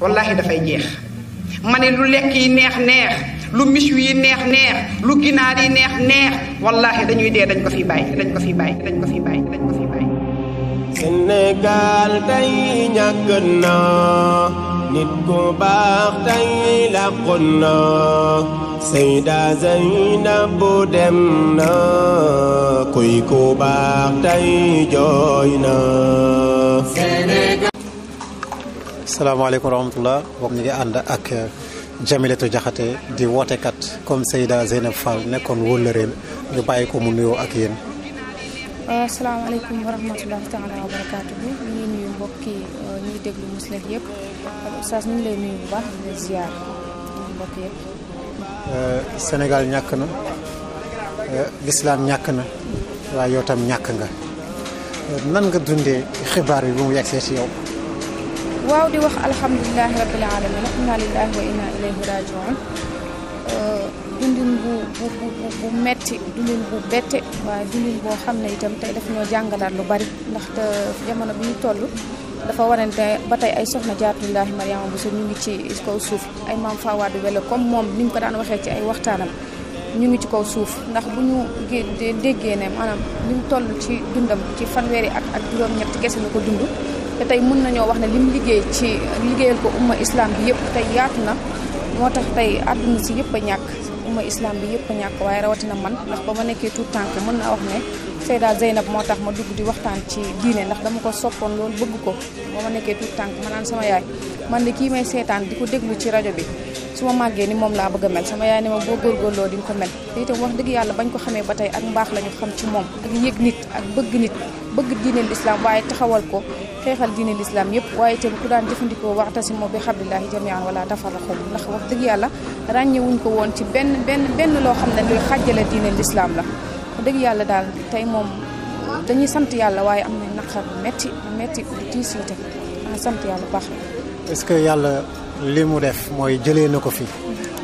wallaahi dafay jeex ma ne lu lekk yi neex neex lu misu yi neex neex lu ginaar yi neex neex wallaahi dañuy dee dañ ko fi bàyyi dañ ko fi bàyyi dañ ko fi bàyyi ñàkk na nit ku baax tey làqu na Seyda Zeynabu dem na kuy ku baax tey jooy na salaamaaleykum wa rahmatulah boobu ñu ngi ànd ak Jamilatu Jaxate di wootekat comme Seyda Zeynab Fall nekkoon wóllëreen ñu bàyyi ko mu nuyoo ak yéen. asalaamaaleykum wa rahmatulah taala wa barakaatu bi ñuy déglu muslim yëpp euh, oustaz ñu ngi lay nuyu bu baax di la ziar mbokk euh, na euh, lislaam ñàkk na waaye yow tam nga nan nga dundee xibaar bi bu mu yegsee ci yow. waaw di wax alhamdulilahi rabbil alamin inna lillahi wa inna ilayhi rajiun euh, dundin bu bu bu bu metti dundin bu bette waaye dundin boo xam ne itam tey daf ñoo jàngalaat lu bari ndax ndaxte jamono bi ñu toll dafa warante ba tey ay soxna jaaratullaahi bu Bousso ñu ngi ci kaw suuf ay maam Fawade Wele comme moom ni mu ko daan waxee ci ay waxtaanam ñu ngi ci kaw suuf ndax bu ñu déggee ne maanaam ni mu toll ci dundam ci fanweeri at ak juróom-ñett kese la ko dund te tey mën nañoo wax ne lim liggéey ci liggéeyal ko umma islam bi yëpp tey yaatu na moo tax tey àdduna si yëpp a ñàkk umma islam bi yëpp ñàkk waaye rawatina man ndax ba ma nekkee tuut tànk mën naa wax ne Seyda Zeynab moo tax ma dugg di waxtaan ci diine ndax dama ko soppoon loolu bëgg ko ba nekkee tout tànk ma naan sama yaay man de kii may seetaan di ko déglu ci rajo bi su ma màggee ni moom laa bëgg a mel sama yaay ne ma boo góorgóorloo di nga ko mel te itam wax dëgg yàlla bañ ko xamee ba tey ak mbaax la ñu xam ci moom ak yëg nit ak bëgg nit bëgg diine l'islam waaye taxawal ko xeexal diine lislaam yëpp waaye itam ku daan jëfandikoo moo bi xablillahi jamian wala tafarraqu ndax wax dëgg yàlla ràññewuñ ko woon ci benn benn loo xam ne luy xàjjale diine lislaam la dëgg yàlla daal tey moom dañuy sant yàlla waaye am na naqar metti metti tii siite sant yàlla baax est-ce que yàlla li mu def mooy jëlee na ko fi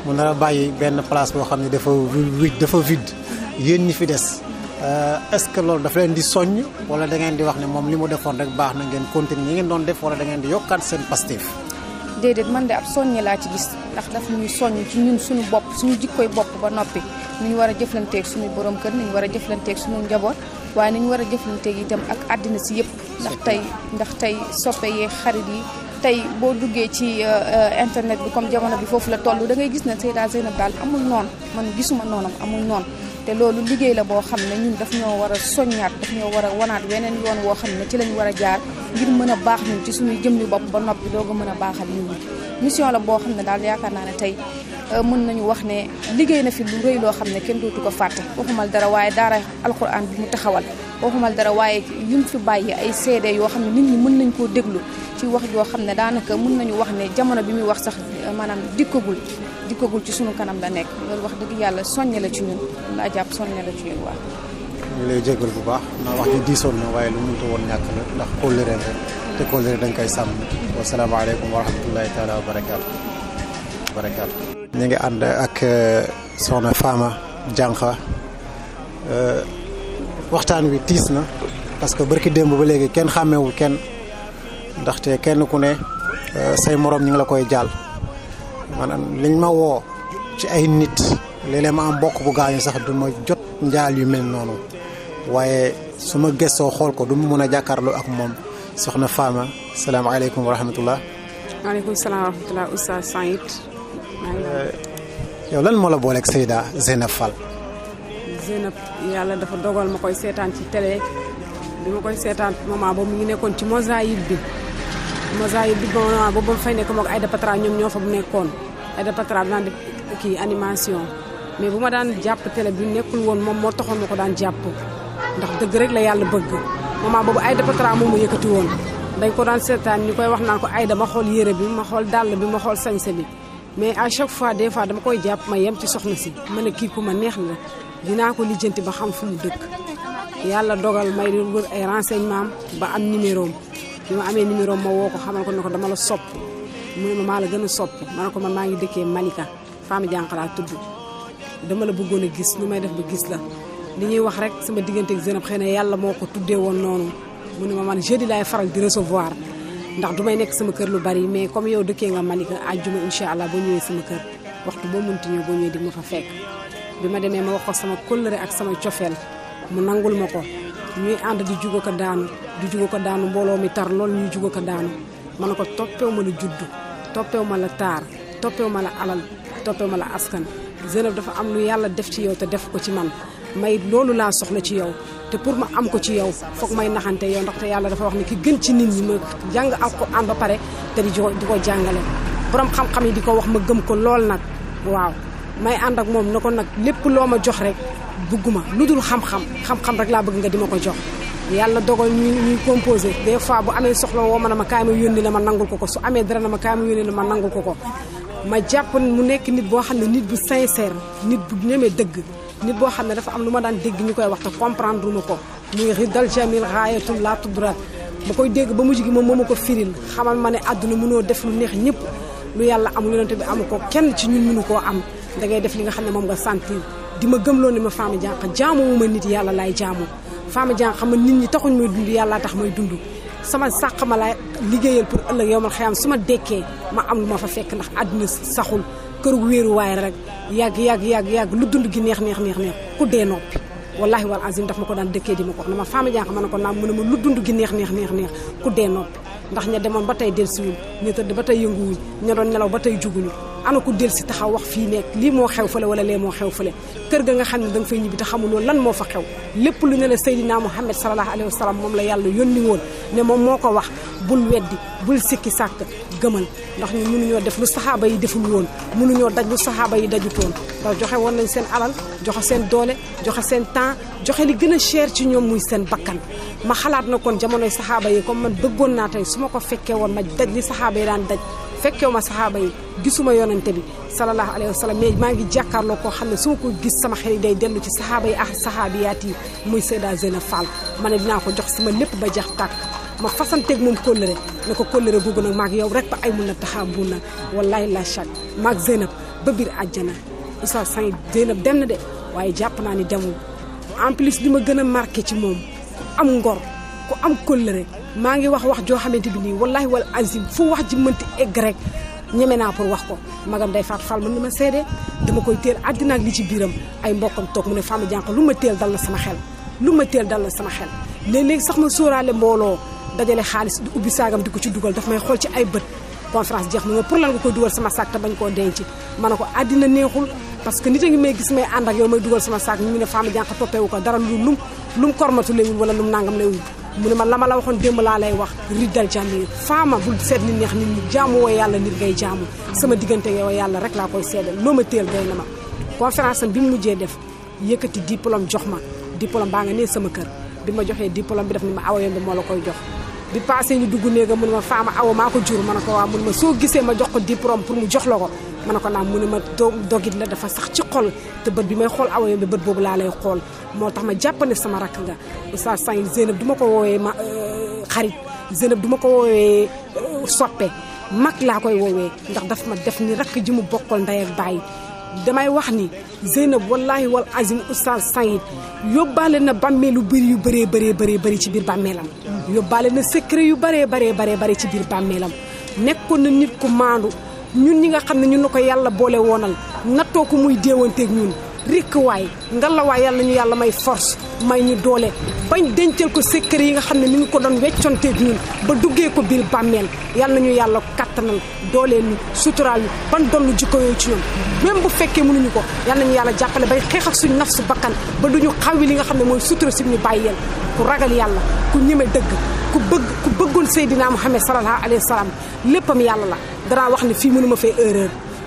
mu nar a bàyyi benn place boo xam ne dafa wéj dafa vide yéen ñi fi des Euh, est-ce que loolu dafa leen di soññ wala da ngeen di wax ne moom li mu defoon rek baax na ngeen continuer ñi ngeen doon def wala da ngeen di yokkaat seen pastif déedéet man de ab soññi laa ci gis ndax daf ñuy soññ ci ñun suñu bopp suñu jikkoy bopp ba noppi ni ñu war a jëflanteeg suñu borom kër ni ñu war a jëflanteeg suñu njaboot waaye ni ñu war a jëflanteeg dem ak àddina si yëpp ndax tey ndax tey soppe yee xarit yi tey boo duggee ci euh, euh, internet bi comme jamono bi foofu la toll da ngay gis ne Seyda Zeynab daal amul noonu man gisuma noonam amul noonu te loolu liggéey la boo xam ne ñun daf ñoo war a soññaat daf ñoo war a wanaat weneen yoon woo xam ne ci lañu war a jaar ngir mën baax ñun ci suñuy jëm yu bopp ba noppi doog a mën a baaxal nit mission la boo xam ne daal yaakaar ne tey euh, mën nañu wax ne liggéey na fi lu rëy loo xam ne kenn dootu ko fàtte waxumal dara waaye daara alquran bi mu taxawal waxumal dara waaye lim fi bàyyi ay seede yoo xam ne nit ñi mën nañ koo déglu ci wax joo xam ne daanaka mën nañu wax ne jamono bi muy wax sax euh, maanaam dikkagul dikkagul ci sunu kanam la nekk loolu wax dëgg yàlla soññe la ci ñun laa jàpp soññe la ci ñun waaw. ñu lay jégal bu baax ndax wax ji diisoon na waaye lu mënta woon ñàkk la ndax kóllëre la te kóllëre dañ koy sàmm. wasalaamaaleykum wa rahmatulahi taala wa barakaatu barakaatu. ñu ngi ànd ak eh, soxna Fama Diankha eh, waxtaan wi tiis na parce que barki démb ba léegi kenn xàmmewul kenn ndaxte kenn ku ne eh, say moroom ñu ngi la koy jàll maanaam liñ ma woo ci ay nit léeg-léeg ma am bokk bu gaañu sax du ma jot njaal yu mel noonu waaye su ma gëstoo xool ko du mën a jàkkaarloo ak moom soxna faama salaamaaleykum wa rahmatullah. maaleykum salaam wa rahmatullah Oustaz yow lan moo la booleeg Seyda Zeynab Fall. Zeynab yàlla dafa dogal ma koy seetaan ci télé bi koy seetaan moment boobu mu ngi nekkoon ci mosaïque bi mosaïque bi moment boobu ba fay nekk moog Aïda Patra ñoom ñoo fa bu nekkoon. Aïda Patra daan def kii animation mais bu ma daan jàpp tele bi nekkul woon moom moo taxoon ma ko daan jàpp ndax dëgg rek la yàlla bëgg moment boobu Aïda Patra moom mu yëkkati woon dañ ko daan seetaan ñu koy wax naa ko ay dama xool yére bi ma xool dàll bi ma xool sañse bi mais à chaque fois des fois dama koy jàpp ma yem ci soxna si ma ne kii ku ma neex la dinaa ko lijjanti ba xam fu mu dëkk yàlla dogal may wër ay renseignement ba am numéro bi ma amee numéro ma woo ko ko dama la sopp mu ne ma maa la gën a sopp ma ne ko man maa ngi dëkkee Malika Fama Dianka laa tudd dama la bëggoon a gis nu may def ba gis la li ñuy wax rek sama diggante ak Zeynab xëy na yàlla moo ko tuddee woon noonu mu ne ma man jeudi laay faral di recevoir ndax du may nekk sama kër lu bari mais comme yow dëkkee nga Malika àjjuma incha allah boo ñëwee sama kër waxtu boo mënti ñëw boo ñëwee di ma fa fekk bi ma demee ma wax ko sama kóllëre ak sama cofeel mu nangul ma ko ñuy ànd di ko daanu di jugo ko daanu mbooloo mi tar lool ñuy jugo ko daanu ma ma la toppewu ma la taar toppewu ma la alal toppewu ma la askan Zeynab dafa am lu yàlla def ci yow te def ko ci man may loolu laa soxla ci yow te pour ma am ko ci yow foog may naxante yow ndaxte yàlla dafa wax ne ki gën ci nit ñi ma jàng ak ko alxuraan ba pare te di ko di ko jàngale borom xam-xam yi di ko wax ma gëm ko lool nag waaw may ànd ak moom na ko nag lépp loo ma jox rek bugguma lu dul xam-xam xam-xam rek laa bëgg nga di ma ko jox yàlla dogal ñu ñuy composé des fois bu amee soxla woo ma ne ma kaay ma yónni la ma nangul ko ko su amee dara na ma kaay ma yónni la ma nangul ko ko ma jàpp mu nekk nit boo xam ne nit bu sincère nit bu ñemee dëgg nit boo xam ne dafa am lu ma daan dégg ñu koy wax te comprendre ma ko muy ridal jamil raayatul laa tuddurat ma koy dégg ba mujj gi moom moo ma ko firil xamal ma ne àdduna mënoo def lu neex ñëpp lu yàlla amul yonente bi amu ko kenn ci ñun mënu koo am da ngay def li nga xam ne moom nga sentir di ma gëmloo ne ma faami jànq jaamuwuma nit yàlla laay jaamoo Fama Dieng xam nga nit ñi taxuñ may dund yàlla tax mooy dund sama sàq ma laa liggéeyal pour ëllëg yow man xëy su ma dekkee ma am lu ma fa fekk ndax àdduna saxul kër gu wéeru waay rek yàgg yàgg yàgg yàgg lu dund gi neex neex neex neex ku dee noppi. wallahi wal azim daf ma ko daan dëkkee di ma ko wax ma Fama Dieng ma ne ko naam mu ne ma lu dund gi neex neex neex neex ku dee noppi ndax ña demoon ba tey dellusiwuñ ñu tëdd ba tey yënguwuñ ña doon nelaw ba tey juguñu ana ko del si taxaw wax fii nekk lii moo xew fële wala lee moo xew fële kër ga nga xam ne da nga fay ñibbi te xamuloo lan moo fa xew lépp lu ne la Seydina Muhammad sallallahu alayhi wa sallam moom la yàlla yónni woon ne moom moo ko wax bul weddi bul sikki sàkk gëmal ndax ñu mënuñoo def lu saxaaba yi deful woon ñoo daj lu saxaaba yi dajutoon ndax joxe woon nañ seen alal joxe seen doole joxe seen temps joxe li gën a cher ci ñoom muy seen bakkan ma xalaat na kon jamonoy saxaaba yi comme man bëggoon naa tey su ma ko fekkee woon ma daj li saxaaba yi daan daj fekkewu ma saxaaba yi gisuma yonante bi sallallahu alayhi wa sallam mais maa ngi jàkkaarloo koo xam ne su ma ko gis sama xel day dellu ci saxaaba yi ak saxaabiyaat yi muy Seyda Zeynab Fall ma ne dinaa ko jox sama lépp ba jeex tàkk ma fasanteeg moom kóllëre na ko kóllëre googu nag maag yow rek ba ay mun na taxaa nag na wallahi la chak maag Zeynab ba biir àjjana Issa Sane Zeynab dem na de waaye jàpp naa ni demul en plus li ma gën a marqué ci moom am ngor ku am kóllëre maa ngi wax wax joo xamante bi nii wallahi wal azim fu wax ji mënti egg rek ñeme naa pour wax ko magam day faat fal mën na ma seede dama koy teel àddina ak li ci biiram ay mbokkam toog mu ne Fama Diankha lu ma teel dal na sama xel lu ma teel dal sama xel léeg sax ma sóoraale mbooloo dajale xaalis di ubbi saagam di ko ci dugal daf may xool ci ay bët conférence jeex na nga pour lan nga koy sama saak te bañ denc ma ne ko àddina neexul parce que nit a ngi gis may ànd ak yow may dugal sama saak ñu ne Fama Diankha toppewu ko dara lu lum lum kormatu lay wul wala lum nangam lay mu ne ma la ma la waxoon démb laa lay wax riddal jàmm faama bul seet nit ñax nit ñi jaamu woo yàlla nit ngay jaamu sama diggante nga yàlla rek laa koy seedal loo ma téel na ma conférence bi mu mujjee def yëkkati diplôme jox ma diplôme baa nga nee sama kër bi ma joxee diplôme bi daf ni ma awa moo la koy jox bi passé ñu dugg néegam mu ne ma faama awa maa ko jur man ne ko waaw mu ne ma soo gisee ma jox ko diplôme pour mu jox la ko ma ne ko naam mu ne ma dogit la dafa sax ci xol te bët bi may xol awa yoon bët boobu laa lay xool moo tax ma jàpp ne sama rakk nga Oustaz Sane Zeynab du ma ko woowee ma euh, xarit Zeynab du ma ko woowee euh, soppe mag laa koy woowee ndax daf ma def nii rakk ji mu bokkal ndey ak baay damay wax ni Zeynab wallahi wal azim Oustaz Sane yóbbaale na bàmmeel lu bëri yu bëree bëree bëree bëri ci biir bàmmeelam yóbbaale na secret yu bëree bëree bëree bëri ci biir bàmmeelam nekkoon na nit ko maandu ñun ñi nga xam ne ñun na ko yàlla boole woonal nattoo ko muy déewanteeg ñun rikkuwaay ngalawaay yàlla ñu yàlla may force may ñu doole bañ dencal ko secret yi nga xam ne mi ngi ko doon wecconteeg ñun ba duggee ko biir bàmmeel yàlla ñu yàlla kattanal dooleel ñu suturaal ñu ban dollu jikko yooyu ci ñoom même bu fekkee mënuñu ko yàlla ñu yàlla jàppale bay xeex ak suñu naf su bakkan ba duñu xawwi li nga xam ne mooy sutura si ñu bàyyeel ku ragal yàlla ku ñeme dëgg ku bëgg ku bëggoon Seydina Muhammad sallallahu alayhi wa sallam léppam yàlla la danaa wax ne fii mënuma fee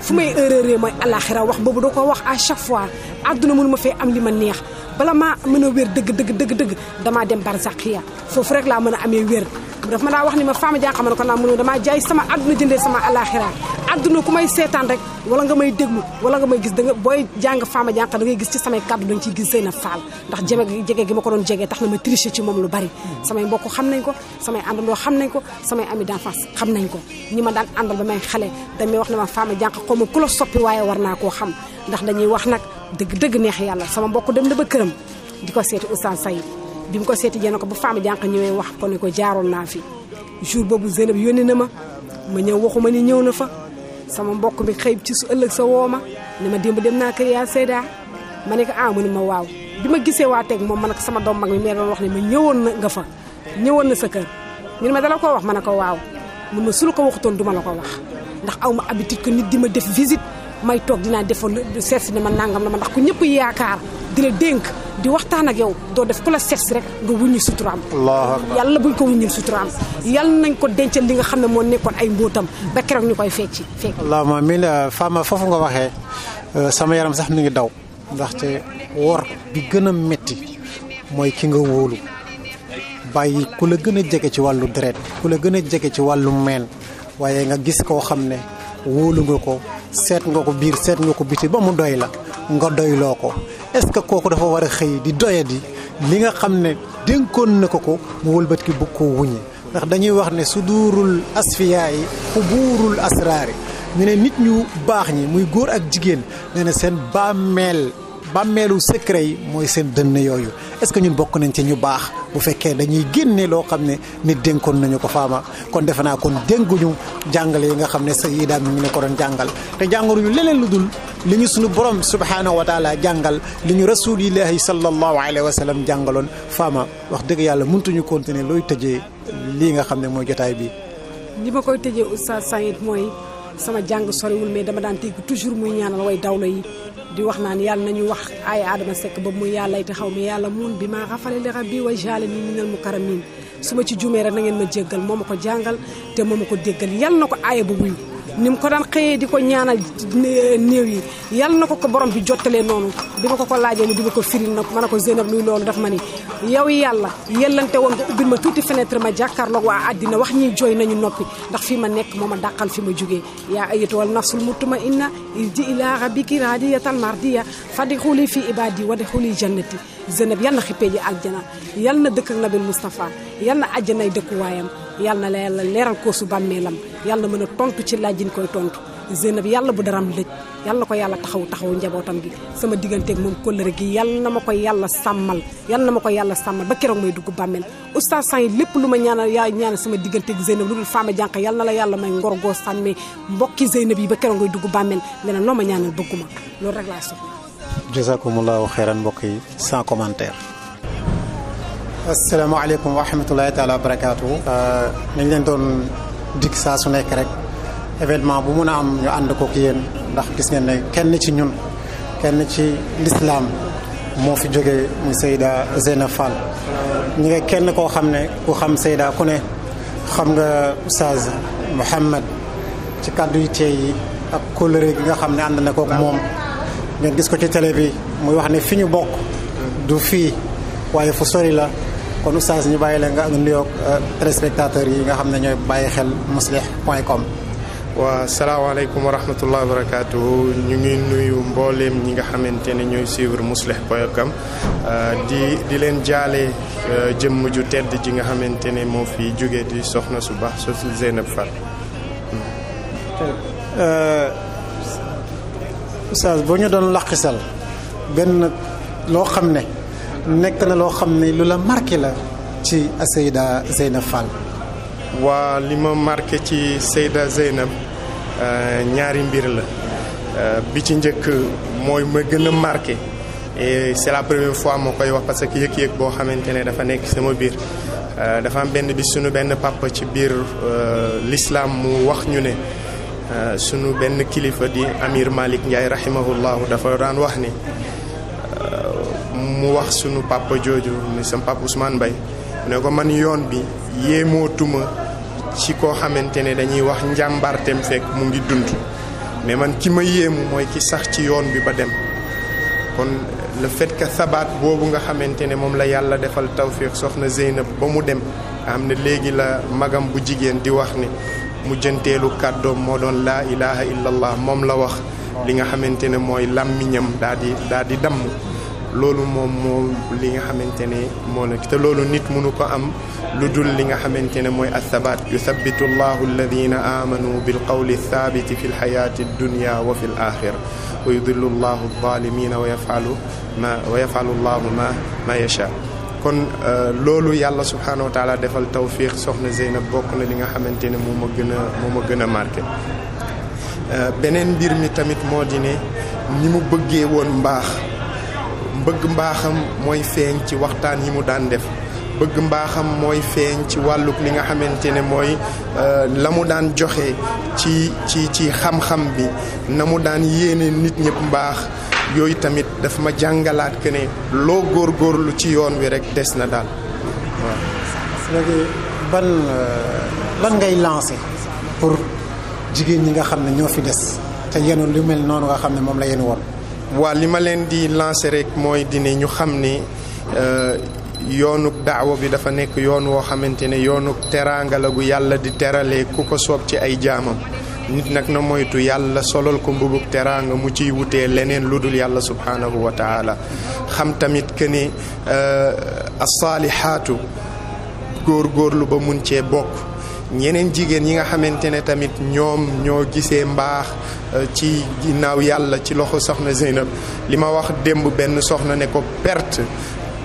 fu may erreur mooy alaxira wax boobu da ko wax à chaque fois aduna mënu ma fee am li ma neex bala maa mën a wér dëgg dëgg dëgg dëgg damaa dem barzaqiya foofu rek laa mën a amee wér daf ma daa wax ni ma Fama Diakha ma ne ko naa mënu damaa jaay sama àdduna jëndee sama alaxira àdduna ku may seetaan rek wala nga may déglu wala nga may gis da booy jàng Fama Diakha da ngay gis ci samay kàddu da nga ciy gis Zeyna Fall ndax jeme jege gi ma ko doon jegee tax ma triché ci moom lu bari samay mbokk xam nañ ko samay àndandoo xam nañ ko samay ami d'enfance xam nañ ko ñi ma daan àndal ba may xale damay wax ne ma Fama Diakha xaw ma ku soppi waaye war naa koo xam ndax dañuy wax nag dëgg dëgg neex yàlla sama mbokk dem na ba këram di ko seeti Oustaz Sayid bi mu ko seeti jee ko bu femme jànq ñëwee wax ko ne ko jaaroon naa fi jour boobu Zeynab yónni na ma ma ñëw waxuma ni ñëw na fa sama mbokk mi xëy ci su ëllëg sa woo ma ne ma démb dem naa kër yaa Seyda ma ne ko ah mu ma waaw bi ma gisee waa teg moom ma ne sama doom mag mi mee doon wax ne ma ñëwoon na nga fa ñëwoon na sa kër ñu ma dala ko wax ma ne ko waaw mun ma su ko ko waxutoon ma la ko wax ndax aw ma habitude nit di ma def visite may toog dinaa defoon seet si ne ma nangam la ma ndax ku ñëpp yaakaar di dénk di waxtaan ak yow doo def ku la seet si rek nga wuññi suturaam yàlla buñ ko wuññil suturaam yàlla nañ ko dencal li nga xam ne moo nekkoon ay mbóotam ba keroog ñu koy fecci fekk allahumma amiin Fama foofu nga waxee euh, sama yaram sax mi ngi daw ndaxte wor bi gën a métti mooy ki nga wóolu bàyyi ku la gën a jege ci wàllu deret ku la gën a jege ci wàllu meen waaye nga gis koo xam ne wóolu nga ko seet nga ko biir seet nga ko biti ba mu doy la nga doyloo ko est ce que kooku dafa war a xëy di doyadi li nga xam ne dénkoon na ko ko mu wëlbat ki bugg ko wuñi ndax dañuy wax ne suduurul asfiyaa yi xubuurul asraari ñu ne nit ñu baax ñi muy góor ak jigéen nee na seen bàmmeel bàmmeelu secret yi mooy seen dënn yooyu est-ce que ñun bokk nañ ci ñu baax bu fekkee dañuy génnee loo xam ne nit dénkoon nañu ko faama kon defe naa kon dénkuñu jàngale yi nga xam ne sa yi daal mi ngi ne doon jàngal te jàngaruñu leneen lu dul li ñu suñu borom subhaanahu wa taala jàngal li ñu rasulillahi sallallahu alayhi wa sallam jàngaloon faama wax dëgg yàlla mëntuñu continuer looy tëjee lii nga xam ne mooy jotaay bi. li ma koy tëjee oustaz Saïd mooy. sama jàng soriwul mais dama daan dégg toujours muy ñaanal way dawlo yi di wax naan yàlla na ñu wax ay Adama Seck ba mu yàlla it xaw mi yàlla mun bi maa xafale li rab bi way jaale ni minal mu karamin su ma ci jumee rek na ngeen ma jéggal moo ma ko jàngal te moo ma ko déggal yàlla na ko aaya ba wuyu ni mu ko daan xëyee di ko ñaanal néew yi yal na ko ko borom bi jottalee noonu bi ma ko ko laajee ni di ma ko firil nag ma ne ko Zeynab luy loolu daf ma ni yow yàlla yellante woon nga ubbil ma tuuti fenêtre ma jàkkaarloog a àddina wax ñi jooy nañu noppi ndax fi ma nekk moo ma dàqal fi ma jógee yaa ayatuwal nafsul mutuma inna irji ila rabbiki radiyatan mardiya fadxuli fi ibadi wadxuli jannati Zeynab yal na xippee ji àjjana yal na dëkk ak nabil Moustapha yal na àjjanay dëkkuwaayam yal na la yàlla leeral koosu bàmmeelam yal na mën a tontu ci laaj yi ñu koy tontu. Zeynab yàlla bu daram lëj yàlla na ko yàlla taxaw taxaw njabootam gi sama digganteeg moom kóllëre gi yàlla na ma ko yàlla sàmmal yàlla na ma ko yàlla sàmmal ba keroog may dugg bàmmeel oustaz sang yi lépp lu ma ñaanal yaa ñaanal sama digganteeg Zeynab lu dul faama jànq yàlla na la yàlla may ngor goo sàmmee mbokki Zeynab yi ba keroog ngay dugg bàmmeel leneen loo ma ñaanal bëgguma loolu rek laa soxla jazakumullahu xeeran mbokk yi sans commentaire. asalaamaaleykum wa rahmatulahi taala wa barakaatu. Euh, nañ leen doon dikk saa su nekk rek événement bu mun a am ñu ànd ko ki ndax gis ngeen ne kenn ci ñun kenn ci lislaam moo fi jógee muy Seyda Zeynab Fall ñi nga kenn koo xam ne ku xam Seyda ku ne xam nga Oustaz Mouhamed ci kàddu yi tey yi ak kóllëre nga xam ne ànd na kook moom. ngeen gis ko ci télé bi muy wax ne fi ñu bokk du fii waaye fu sori la kon oustaz ñu bàyyi la nga nuyoog euh, téléspectateurs yi nga xam ne ñooy bàyyi xel muslih point com waa salaamaaleykum wa rahmatullahi wa barakaatu ñu ngi nuyu mbooleem ñi nga xamante ne ñooy suivre muslih point com euh, di di leen jaale euh, jëmm ju tedd ji nga xamante ne moo fi jóge di soxna su baax su Zeynab Fall hmm. oustaz boo ñu doon laqisal benn loo xam ne nekk na loo xam ne lu la marqué la ci Seyda Zeynab Fall. waa li ma marqué ci Seyda Zeynab euh, ñaari mbir la euh, bi ci njëkk mooy ma gën a marqué et c'est la première fois moo koy wax parce que yëg boo xamante ne dafa nekk sama biir euh, dafa am benn bi suñu benn papa ci biir l'islam mu wax ñu ne. Euh, sunu benn kilifa di Amir Malik Ndiaye rahimahullahu dafa daan wax ni euh, mu wax sunu papa jooju ni sam papa Ousmane Mbaye ne ko man yoon bi yéemootuma ci koo xamante ne dañuy wax njàmbaarteem fekk mu ngi dund mais man ki ma yéemu mooy ki sax ci yoon bi ba dem kon le fait que sabaat boobu nga xamante ne moom la yàlla defal tawfiq soxna Zeynab ba mu dem nga xam ne léegi la magam bu jigéen di wax ni mujjanteelu jënteelu kàddoom moo doon laa ilaha illallah moom la wax li nga xamante ne mooy làmmiñam daa di di damm loolu moom moo li nga xamante ne moo loolu nit mënu ko am lu dul li nga xamante ne mooy asabaat yusabitu llahu alladina amanu bilqawli thabiti fi lxayaati dunya wa fi l axira wa yudillu ma wa kon euh, loolu yàlla subhaanahu wa taala defal tawfiix soxna Zeynab bokk na li nga xamante ne moo ma gën a moo ma gën a marqué euh, beneen mbir mi tamit moo di ne ni mu bëggee woon mbaax bëgg mbaaxam mooy feeñ ci waxtaan yi mu daan def bëgg mbaaxam mooy feeñ ci wàlluk li nga xamante ne mooy euh, la mu daan joxe ci ci ci xam-xam bi na mu daan yéene nit ñëpp mbaax yooyu tamit dafa ma jàngalaat que ne loo góorlu ci yoon wi rek des na daal waaw. léegi ban lan ngay lancer pour jigéen ñi nga xam ne ñoo fi des te yéen lu mel noonu nga xam ne moom la yéen woon. waa li ma leen di lancer rek mooy dina ñu xam ne euh, yoonuk daawa bi dafa nekk yoon woo xamante ne yoonuk teraanga gu yàlla di terale ku ko soob ci ay jaamam. nit nag na moytu yàlla solal ko mbubuk teraanga mu ciy wutee leneen lu dul yàlla subhaanahu wa taala xam tamit que ni euh, góor góorlu ba mun cee bokk ñeneen jigéen yi nga xamante ne tamit ñoom ñoo gisee mbaax euh, ci ginnaaw yàlla ci loxo soxna Zeynab li ma wax démb benn soxna ne ko perte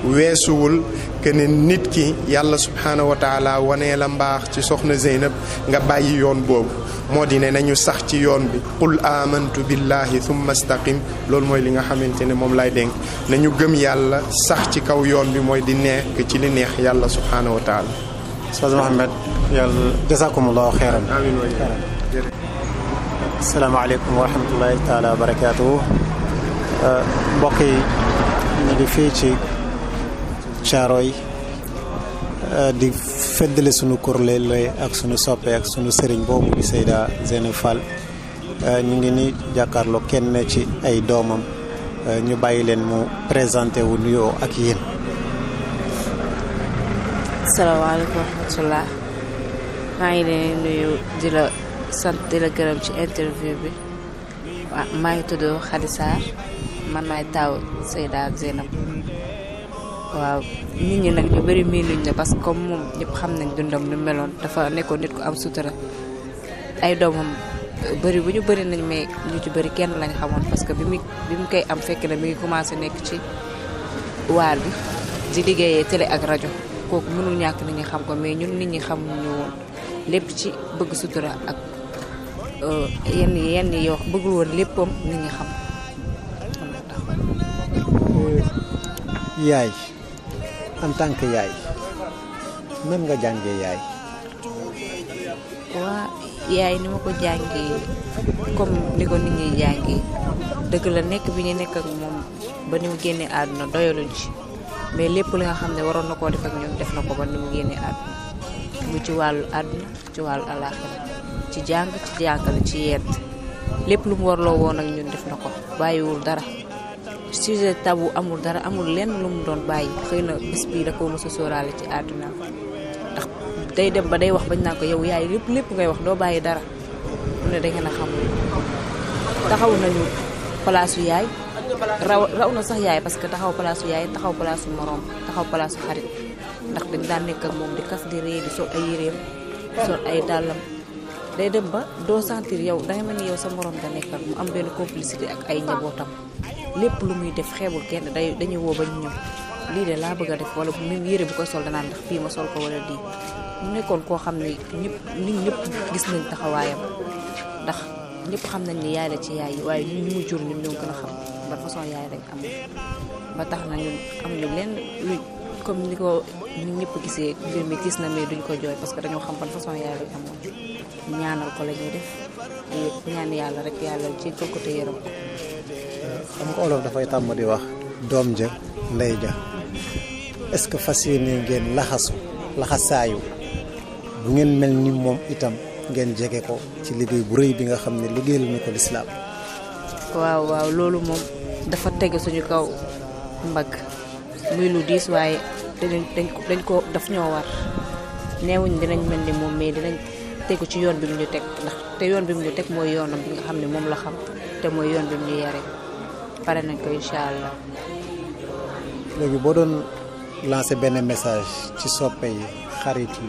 weesuwul que nit ki yàlla subhaanahu wa taala wanee la mbaax ci soxna Zeynab nga bàyyi yoon boobu moo di ne nañu sax ci yoon bi qul amantu billahi thumma istaqim loolu mooy li nga xamante ne moom lay dénk nañu gëm yàlla sax ci kaw yoon bi mooy di nekk ci li neex yàlla subhaanahu wa taala Ustaz Mohamed yàlla jazakumullahu xeeran amiin waay asalaamaaleykum wa rahmatullahi taala euh, mbokk yi ñu ngi fii ci Caaroy Euh, di feddale sunu kuréel ak sunu soppe ak sunu sëriñ boobu di Seyda Zeynab euh, ñu ngi ni jàkkaarloo kenn ci ay doomam euh, ñu bàyyi leen mu présenté wu nuyoo ak yéen. salaamaaleykum wa rahmatulah maa ngi leen nuyu di la sant di la gërëm ci interview bi maa ngi tudd Khady man may taaw Seyda Zeynab. waaw nit ñi nag ñu bëri miinuñ la parce que comme moom ñëpp xam nañ dundam lu meloon dafa nekkoon nit ko am sutura ay doomam bëri bu ñu bëri nañ mais ñu ci bëri kenn lañ xamoon parce que bi mu bi mu koy am fekk na mi ngi commencé nekk ci waar bi di liggéeyee télé ak rajo kooku mënul ñàkk nit ñi xam ko mais ñun nit ñi xamuñu woon lépp ci bëgg sutura ak euh, yenn yenn yi wax bëggul woon léppam nit ñi xam en tant que yaay nan nga jàngee yaay. waa yaay ni ma ko jàngee comme ni ko nit ñi jàngee dëgg la nekk bi ñu nekk ak moom ba ni mu génnee àdduna doyaluñ ji mais lépp li nga xam ne waroon na koo def ak ñoom def na ko ba ni mu génnee àdduna mu ci wàllu àdduna ci wàllu alaaxira ci jàng ci jàngale ci yedd lépp lu mu warloo woon ak ñun def na ko bàyyiwul dara. sujet wu amul dara amul lenn lu mu doon bàyyi xëy na bis bii da koo mos a ci àdduna ndax day dem ba day wax bañ naa ko yow yaay lépp lépp ngay wax doo bàyyi dara mu ne nañu palaasu yaay raw raw sax yaay parce que taxaw palaasu yaay taxaw palaasu moroom taxaw palaasu xarit ndax dañ daan nekk moom di kas di ree ay yéreem sol ay dàllam day dem ba doo sentir yow danga mel ni yow sa moroom da nekkal mu am benn complicité ak ay njabootam lépp lu muy def xeebul kenn day dañuy woo ba ñu ñëw lii de laa bëgg def wala même yére bu koy sol danaan ndax fii ma sol ko wala di mu nekkoon koo xam ne ñépp nit ñëpp gis nañ taxawaayam ndax ñëpp xam nañ ni yaay la ci yaay yi waaye ñun ñu mu jur ñun ñoo gën a xam yaay rek am ba tax na ñun amuñu lenn luñ comme ni ko ñëpp gisee mbir mi gis na mais duñ ko jooy parce que dañoo xam ban façon yaay rek amoon ñaanal ko la ñuy def ñaan yàlla rek yàlla ci ko te yërëm xam nga olof dafay tàmm di wax doom ja ndey ja est-ce que fas yéene ngeen laxasu laxasaayu bu ngeen mel ni moom itam ngeen jege ko ci liggéey bu rëy bi nga xam ne liggéeyal na ko lislaam waaw waaw loolu moom dafa tege suñu kaw mag muy lu diis waaye dañ ko dañ ko daf ñoo war neewuñ dinañ mel ni moom mais dinañ tegu ci yoon bi mu ñu teg ndax te yoon bi mu ñu teg mooy yoonam bi nga xam ne moom la xam te mooy yoon bi mu ñu yare pare nañ ko incha allah. léegi boo doon lancer benn message ci soppe yi xarit yi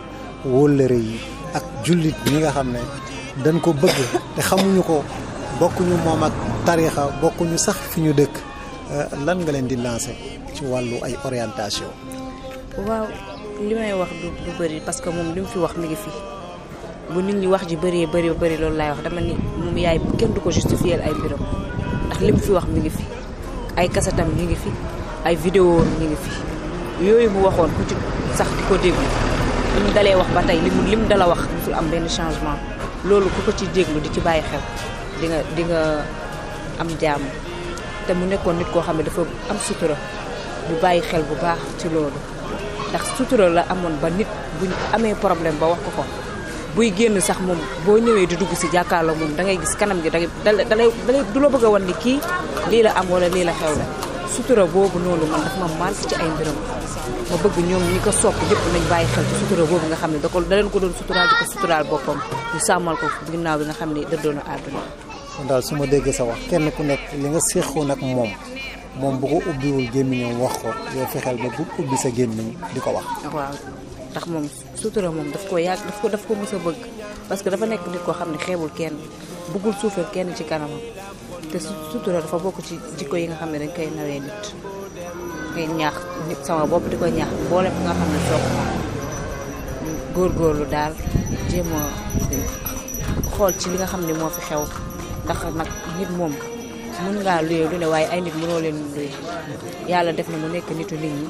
wóllëre yi ak jullit ñi nga xam ne dañ ko bëgg te xamuñu ko bokkuñu moom ak tariixa bokkuñu sax fi ñu dëkk euh, lan nga leen di lancer ci wàllu ay orientation. waaw li may wax du du parce que moom li mu fi wax mi ngi fi. bu nit ñi wax ji bëree bëri bari loolu laay wax dama ni moom yaay kenn du ko justifier ay mbiram ndax li mu fi wax mi ngi fi ay kasatam ñu ngi fi ay vidéo ñu ngi fi yooyu bu waxoon ku ci sax di ko dégg li mu dalee wax ba tey li mu dala wax musul am benn changement loolu ku ko ci déglu di ci bàyyi xel di nga di nga am jàmm te mu nekkoon nit koo xam ne dafa am sutura bu bàyyi xel bu baax ci loolu ndax sutura la amoon ba nit buñ amee problème ba wax ko ko buy génn sax moom boo ñëwee di dugg si jàkkaarloo moom da ngay gis kanam gi da du la bëgg a wan ni kii lii la am wala lii la xew la sutura boobu noonu man daf ma mànk ci ay mbiram ma bëgg ñoom ñi ko sopp yëpp nañ bàyyi xel ci sutura nga xam ne da ko ko doon suturaal di ko suturaal boppam ñu sàmmal ko ginnaaw bi nga xam ne da doon àdduna kon daal su ma déggee sa wax kenn ku nekk li nga séqoon ak moom moom bu ko ubbiwul gémmiñam wax ko yow fexeel ba bu ubbi sa gémmiñ di ko wax ndax moom sutura moom daf ko yàgg daf ko daf ko mus a bëgg parce que dafa nekk nit koo xam ne xeebul kenn bëggul suufeel kenn ci kanamam te sutura dafa bokk ci jikko yi nga xam ne dañ koy nawee nit ñax ñaax nit sama bopp di ko ñaax mboolem nga xam ne daal jéem a xool ci li nga xam ne moo fi xew ndax nag nit moom mën ngaa luye lu ne waaye ay nit mënoo leen luye yàlla def na mu nekk nitu nit ñi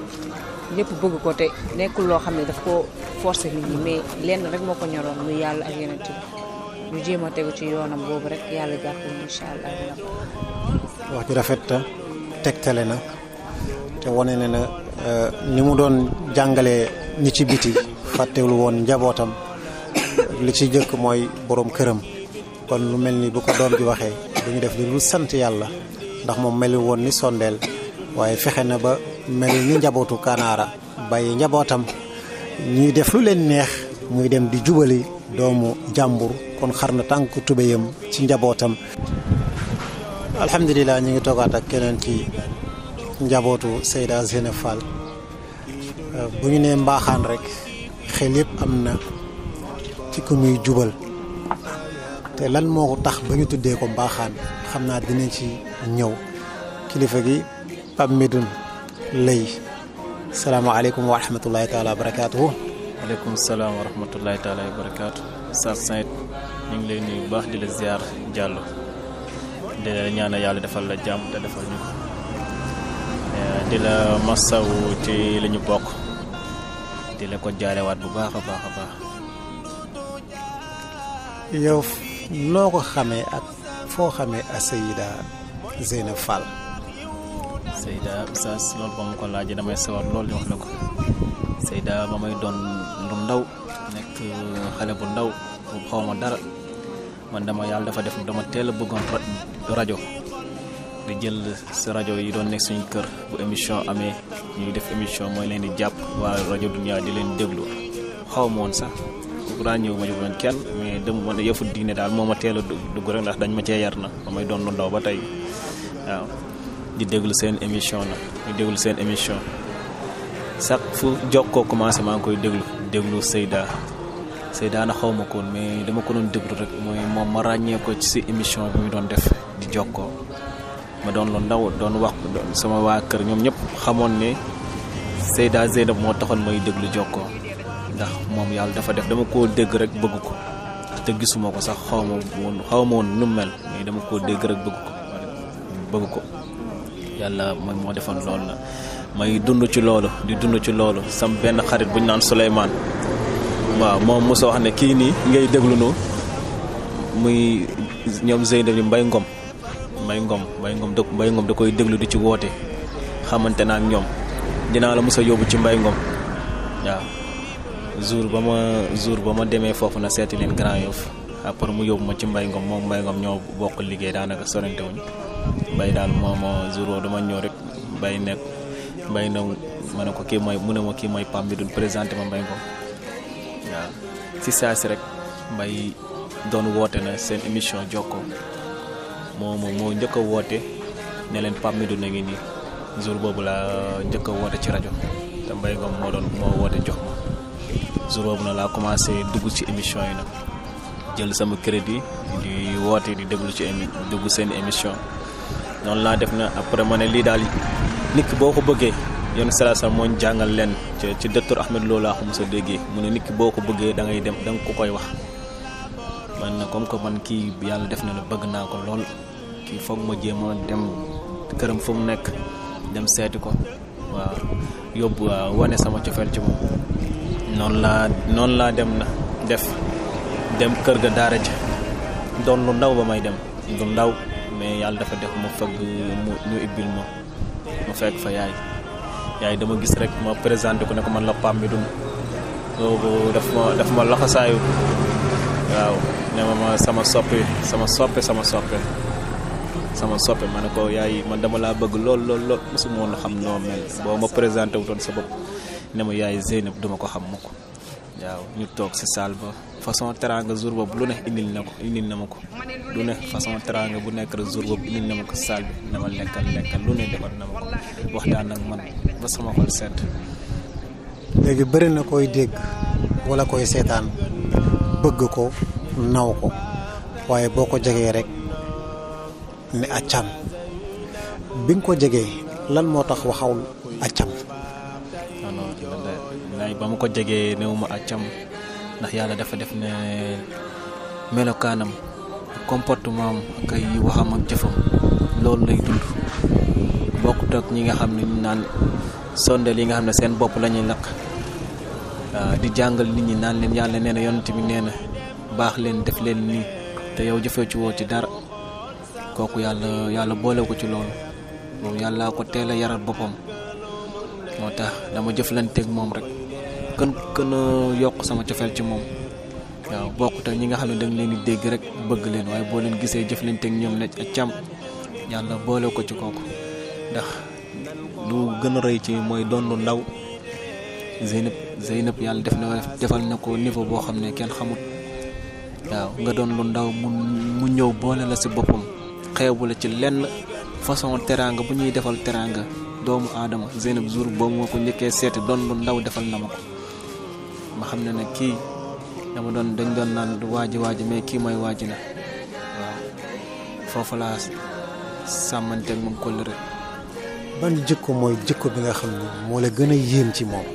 ñëpp bëgg ko te nekkul loo xam ne daf ko forcer nit ñi mais lenn rek moo ko ñoroon muy yàlla ak yeneen ñu jéem a tegu ci yoonam boobu rek yàlla jàppale incha allah. wax ji tegtale na te wane ne na euh, ni mu doon jàngale ñi ci biti fàttewul woon njabootam li ci jëkk mooy boroom këram kon lu mel ni bu ko doom ji waxee dañu def li lu sant yàlla ndax moom melu woon ni sondeel waaye fexe na ba. mel ni njabootu kanaara bàyyi njabootam ñuy def lu leen neex muy dem di jubali doomu jàmbur kon xar na tànk tubéyam ci njabootam alhamdulilah ñu ngi toogaat ak keneen ci njabootu Seyda Zeynab Fall euh, bu ñu nee mbaaxaan rek xel yépp am na ci ku muy jubal te lan moo ko tax ba ñu tuddee ko mbaaxaan xam naa dinañ ci ñëw kilifa gi Pape Medoune lëy salaamaaleykum wa rahmatullahi taala barakaatu. waaleykum salaam wa rahmatullahi taala ñu ngi lay bu baax di la ziar Diallo di la ñaanal yàlla defal la jàmm te defal ñu eh, di la masawu ci li bokk di la ko jaarewaat bu baax a baax a baax. yow noo ko xamee ak foo xamee Asayida Zeynab Seyda Sass loolu ba ma ko laajee damay sawar loolu li wax la ko Seyda ba may doon lu ndaw nekk xale bu ndaw bu xaw ma dara man dama yàlla dafa def dama teel a bëggoon rajo jël sa rajo yi doon nekk suñu kër émission amee ñuy def émission mooy leen di jàpp waa rajo Dunia di leen déglu xaw ma woon sax pour ñëw ma jógoon mais dem ma ne daal moo ma teel a rek ndax dañ ma cee yar na ba may doon lu ndaw ba tey waaw. di déglu seen émission nag di déglu seen émission chaque fu jokkoo commencé maa ngi koy déglu déglu Seyda Seyda na xaw ma koon mais dama ko doon déglu rek mooy moom ma ràññee ko ci émission bi mu doon def di jokkoo ma doon lu ndaw wax sama waa kër ñoom ñëpp xamoon ne Seyda Zeynab moo taxoon may déglu jokkoo ndax moom yàlla dafa def dama koo dégg rek ko te gisuma ko sax xawma ma woon xaw nu mel mais dama koo dégg rek bëgg ko bëgg ko. yàlla mooy moo defoon loolu la may dund ci loolu di dund ci loolu sam benn xarit bu ñu naan Souleymane waaw moom mosoo wax ne kii nii ngay déglu nu muy ñoom Zeynab ni Mbay Ngom Mbay Ngom Mbay Ngom da Mbay da koy déglu di ci woote xamante naa ak ñoom dinaa la mos a yóbbu ci Mbay Ngom waaw jour ba ma jour ba ma demee foofu na seeti leen Grand Yoff après ah, mu yóbbu ma ci Mbay Ngom moom Mbay Ngom ñoo bokk liggéey daanaka sorante wuñ bay daal moom jour dama ñëw rek bay nekk bay na ma ne ko kii mooy mu ne ma kii mooy Pape Medoune présenté ma mbay ko waaw si saa rek mbay doon woote na seen émission Jokko moom moo njëkk a woote ne leen Pape Medoune na ngi nii jour boobu laa njëkk woote ci rajo te mbay ko moo doon moo woote jox ma jour boobu na laa commencé dugg ci émission yi nag jël sama crédit di woote di déglu ci émi dugg seen émission. noonu laa def na après ma ne lii daal nit boo ko bëggee yoon salaasa moo ñu jàngal leen ci ci docteur Ahmed Lo laa ko mos déggee mu ne nit boo ko bëggee da dem da ko koy wax. man na comme que man kii yàlla def na la bëgg naa ko lool foog ma jéem a dem mu nekk dem seeti ko waaw wane sama cofeel ci moom. noonu laa noonu laa dem na def dem kër ga daara ji doon lu ndaw ba may dem lu ndaw. mais yàlla dafa def ma fëgg mu ñu ibbil ma mu fekk fa yaay yaay dama gis rek ma présenté ko ne ko man la Pape Médoune boobu daf ma daf ma laxasaayu waaw ne ma sama soppe sama soppe sama soppe sama soppe ma ne ko yaay man dama laa bëgg loolu lool lool mosuma woon xam noo mel boo ma présenté wu doon sa bopp ne ma yaay Zeynab duma ko xam mukk waaw ñu toog si saal ba façon teranga jour boobu lu ne indil na ko indil na ma ko lu ne façon teranga bu nekk rek jour boobu indil na ma ko saal bi na ma lekkal lekkal lu ne defal na ma ko waxtaan ak man ba sama xol sedd. léegi bëri na koy dégg walla koy seetaan bëgg ko naw ko waaye boo ko jegee rek ne accam bi nga ko jegee lan moo tax waxawul accam. non non ba ma ko jegee néew ma accam. ndax yàlla dafa def ne melokaanam comportement am ak ay waxam ak jëfam loolu lay dund bokkut ak ñi nga xam ne ñu naan sondeel yi nga xam ne seen bopp lañuy ñuy laq ah, di jàngal nit ñi naan leen yàlla nee na yonent bi nee na baax leen def leen nii te yow jëfee ci woo ci dara kooku yàlla yàlla boole ko ci loolu moom yàlla ko teel a yaral boppam moo tax dama jëflanteeg moom rek. gën gën yokk sama cofeel ci moom waaw bokkut ak ñi nga xam ne da nga leen dégg rek bëgg leen waaye boo leen gisee jëf jëflante ak ñoom ne càmm yàlla boole ko ci kooku ndax lu gën a rëy ci mooy doon lu ndaw Zeynab Zeynab yàlla def na defal na ko niveau boo xam ne kenn xamut waaw nga doon lu ndaw mu mu ñëw boole la si boppam xeebu la ci lenn façon teraanga bu ñuy defal teraanga doomu aadama Zeynab jour boobu ma ko njëkkee seeti doon lu ndaw defal na ma ko. ma xam ne nag kii dama doon dañ doon naan waaji waaju mais kii mooy waaji na waaw foofu laa sàmmanteeg moom kóllëre ban jikko mooy jikko bi nga xam ne gën a yéem ci moom.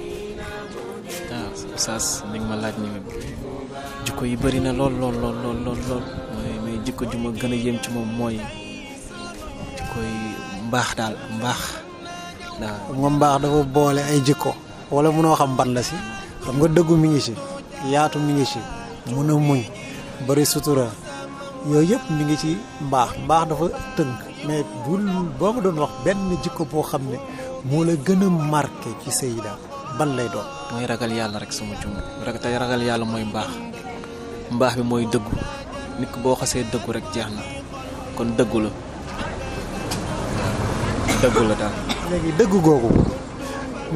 ah saas ma laaj ni jikko yi bëri na lool lool lool mooy jikko ju ma gën a yéem ci moom mooy jikkoy mbaax daal mbaax. waaw moom mbaax dafa boole ay jikko wala mënoo xam ban la si. xam nga dëggu mi ngi ci yaatu mi ngi ci mun a muñ bëri sutura yooyu yëpp mi ngi ci mbaax mbaax dafa tënk mais bul boo ma doon wax benn jikko boo xam ne moo la gën a marqué ci Seyda ban lay doon. mooy ragal yàlla rek sama jum rek tey ragal yàlla mooy mbaax mbaax bi mooy dëggu nit ko boo xasee dëggu rek jeex na kon dëggu la dëggu la daal. léegi dëggu googu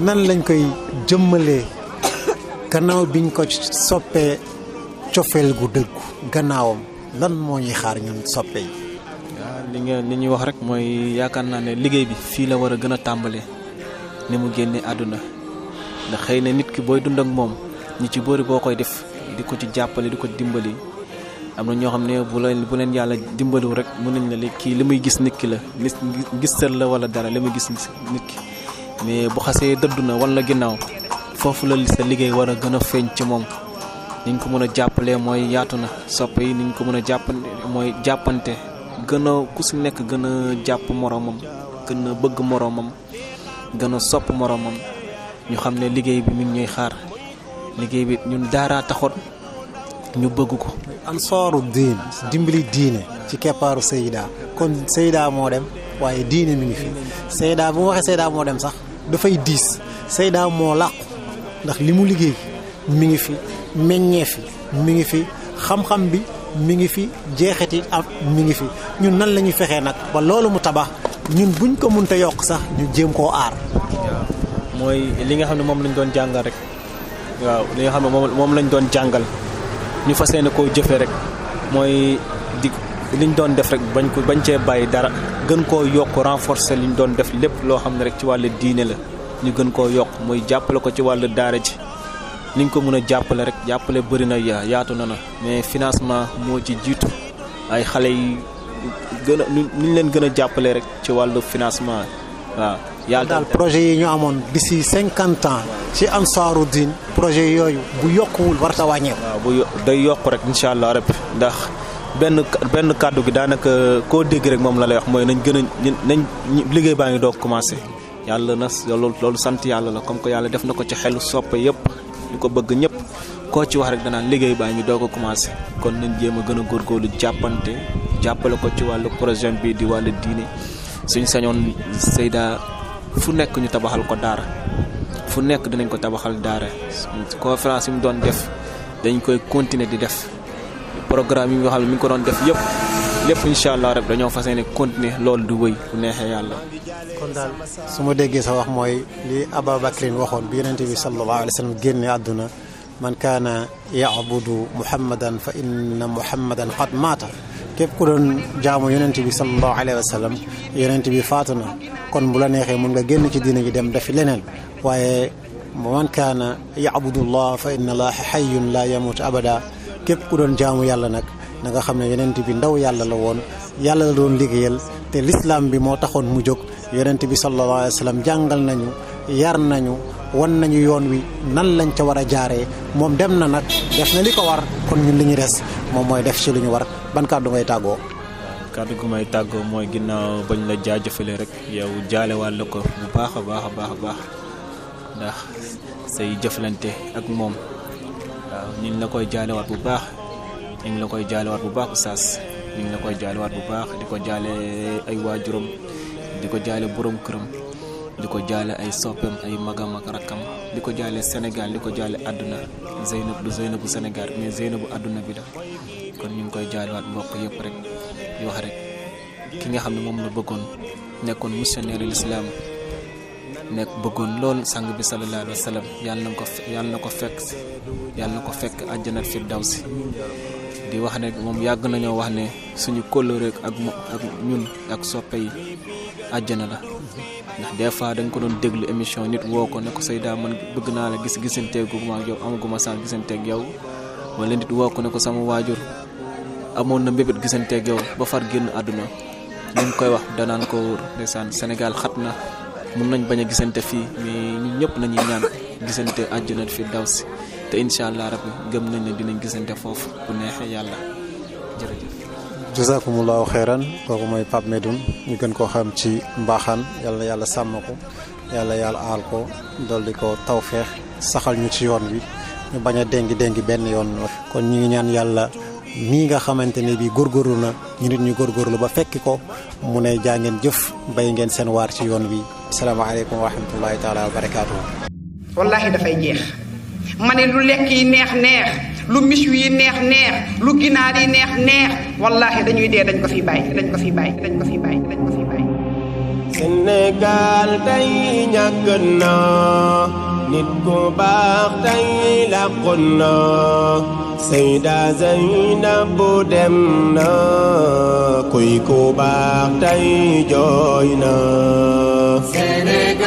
nan lañ koy jëmmalee. gannaaw ñu ko soppee cofeel gu dëggu gannaawam lan moo ñuy xaar ñun soppe yi. waaw ah, li nga li ñuy wax rek mooy yaakaar naa ne liggéey bi fii la war a gën a tàmbalee ni mu génnee àdduna ndax xëy na nit ki booy dund ak moom ñi ci bëri boo koy def di ko ci jàppale di ko dimbali am na ñoo xam ne bu leen bu leen yàlla dimbaliwu rek mën nañ la li kii li muy gis nit ki la gis gisal la wala dara li muy gis nit ki mais bu xasee dëddu na wala ginnaaw. foofu la sa liggéey war a gën a feeñ ci moom ni ñu ko mën a jàppale mooy yaatu na sopp yi ni ñu ko mën a jàppante mooy jàppante gën a ku si nekk gën a jàpp moroomam gën a bëgg moroomam gën a sopp moroomam ñu xam ne liggéey bi min ñuy xaar liggéey bi ñun daaraa taxoon ñu bëgg ko. ansooru diin dimbali diine ci keppaaru Seyda kon seydaa moo dem waaye diine mu ngi fi Seyda bu waxee Seyda moo dem sax dafay diis Seyda moo làqu ndax li mu liggéey mi ngi fi meññeef yi mi ngi fi xam-xam bi mi ngi fi jeexit yi am mi ngi fi ñun nan la ñuy fexee nag ba loolu mu tabax ñun buñ ko mënta yokk sax ñu jéem koo aar. mooy li nga xam ne moom lañ doon jàngal rek waaw li nga xam ne moom moom lañ doon jàngal ñu fa yéene koo jëfee rek mooy di liñ doon def rek bañ ko bañ cee bàyyi dara gën koo yokk renforce li ñu doon def lépp loo xam ne rek ci wàll diine la. ñu gën koo yokk mooy jàppale ko ci wàllu daara ji niñ ko mën a jàppale rek jàppale bëri na ya yaatu na mais financement moo ci jiitu ay xale yi gën a ñu leen gën a jàppale rek ci wàllu financement waaw. yàlla daal projet yi ñu amoon d'ici cinquante ans ci ansaaru diin projet yooyu bu yokkuwul warta wàññeeku. waaw bu day yokk rek incha allah rek ndax benn benn kàddu gi daanaka koo dégg rek moom la lay wax mooy nañ gën a nañ liggéey baa ngi doog commencé. yàlla na loolu sant yàlla la comme que yàlla def na ko ci xelu soppe yëpp ñu ko bëgg ñëpp koo ci wax rek danaan liggéey baa ngi doo ko commencé kon nañ jéem a gën a góorgóorlu jàppante jàppale ko ci wàllu projet bi di wàllu diine suñ sañoon Seyda fu nekk ñu tabaxal ko daara fu nekk dinañ ko tabaxal daara conférence yi mu doon def dañ koy continuer di def programme yi nga xam ne mi ngi ko doon def yëpp lépp incha allah rek dañoo fas yéene continuer loolu du wëy ku neexee yàlla. kon su ma déggee sa wax mooy li Ababakrin waxoon bi yonente bi sallallahu alayhi wa sallam génne àdduna man kaana yaabudu muhammadan fa inna muhammadan qad maata képp ku doon jaamu yonente bi sallallahu alayhi wa bi faatu na kon bu la neexee mun nga génn ci diina ji dem dafi leneen waaye man kaana yaabudu llah fa inna allaha xayun la yamut abada képp ku doon jaamu yàlla nag na nga xam ne yonent bi ndaw yàlla la woon yàlla la doon liggéeyal te lislaam bi moo taxoon mu jóg yonent bi sallallahu alayhi wa sallam jàngal nañu yar nañu wan nañu yoon wi nan lañ ca war a jaaree moom dem na nag def na li ko war kon ñun li ñu des moom mooy def ci lu ñu war ban kàddu ngay tàggoo. kàddu gu may tàggoo mooy ginnaaw bañ la jaajëfalee rek yow jaalewaal la ko bu baax a baax a baax a baax ndax say jëflante ak moom ñu ngi la koy jaalewaat bu baax saas ñu ngi la koy jaalewaat bu baax di ko jaalee ay waajuram di ko jaale borom këram di ko jaale ay soppeem ay magam ak rakkam di ko jaale Sénégal di ko jaale àdduna Zeynab du Zeynabu Sénégal mais Zeynabu àdduna bi la kon ñu ngi koy jaalewaat mbokk yëpp rek di wax rek ki nga xam ne moom la bëggoon nekkoon missionnaire l'islam nekk bëggoon lool sang bi sallallahu alayhi wa sallam na ko yàlla na ko fekk yàlla na ko fekk àjjana firdawsi di wax ne moom yàgg nañoo wax ne suñu kóllëre ak ak ñun ak soppe yi na la ndax des fois dañ ko doon déglu émission nit woo ko ne ko Seyda man bëgg naa la gis gisanteegu ma ak yow amaguma sans gisanteeg yow wala nit woo ko ne ko sama waajur amoon na mbébét gisanteeg yow ba far génn àdduna ni koy wax danaan ko ndeysaan senegal xat na mun nañ bañ a gisante fii mais ñun ñëpp nañuy ñaan gisante àjjana fi daw si te incha allah rabbi gëm nañ ne dinañ gisante foofu bu neexee yàlla jërëjëf. jazakumullahu xeyran kooku mooy Pape Medoune ñu gën koo xam ci mbaaxaan yàlla yàlla sàmm ko yàlla yàlla aal ko dolli ko tawféex saxal ñu ci yoon wi ñu bañ a déngi déngi benn yoon kon ñu ngi ñaan yàlla nii nga xamante ne bii góorlu na ñu nit ñu góor góorgóorlu ba fekki ko mu ne jàngeen jëf bay ngeen seen waar ci yoon wi. asalaamaaleykum wa rahmatullahi taala wa barakaatu. ma ne lu lekk yi neex neex lu misu yi neex neex lu ginaar yi neex neex wallaahi dañuy dee dañ ko fi bàyyi dañ ko fi bàyyi dañ ko fi bàyyi dañ ko fi na nit ku baax tey làqu na Seyda Zeynabu dem na kuy ku baax tey jooy na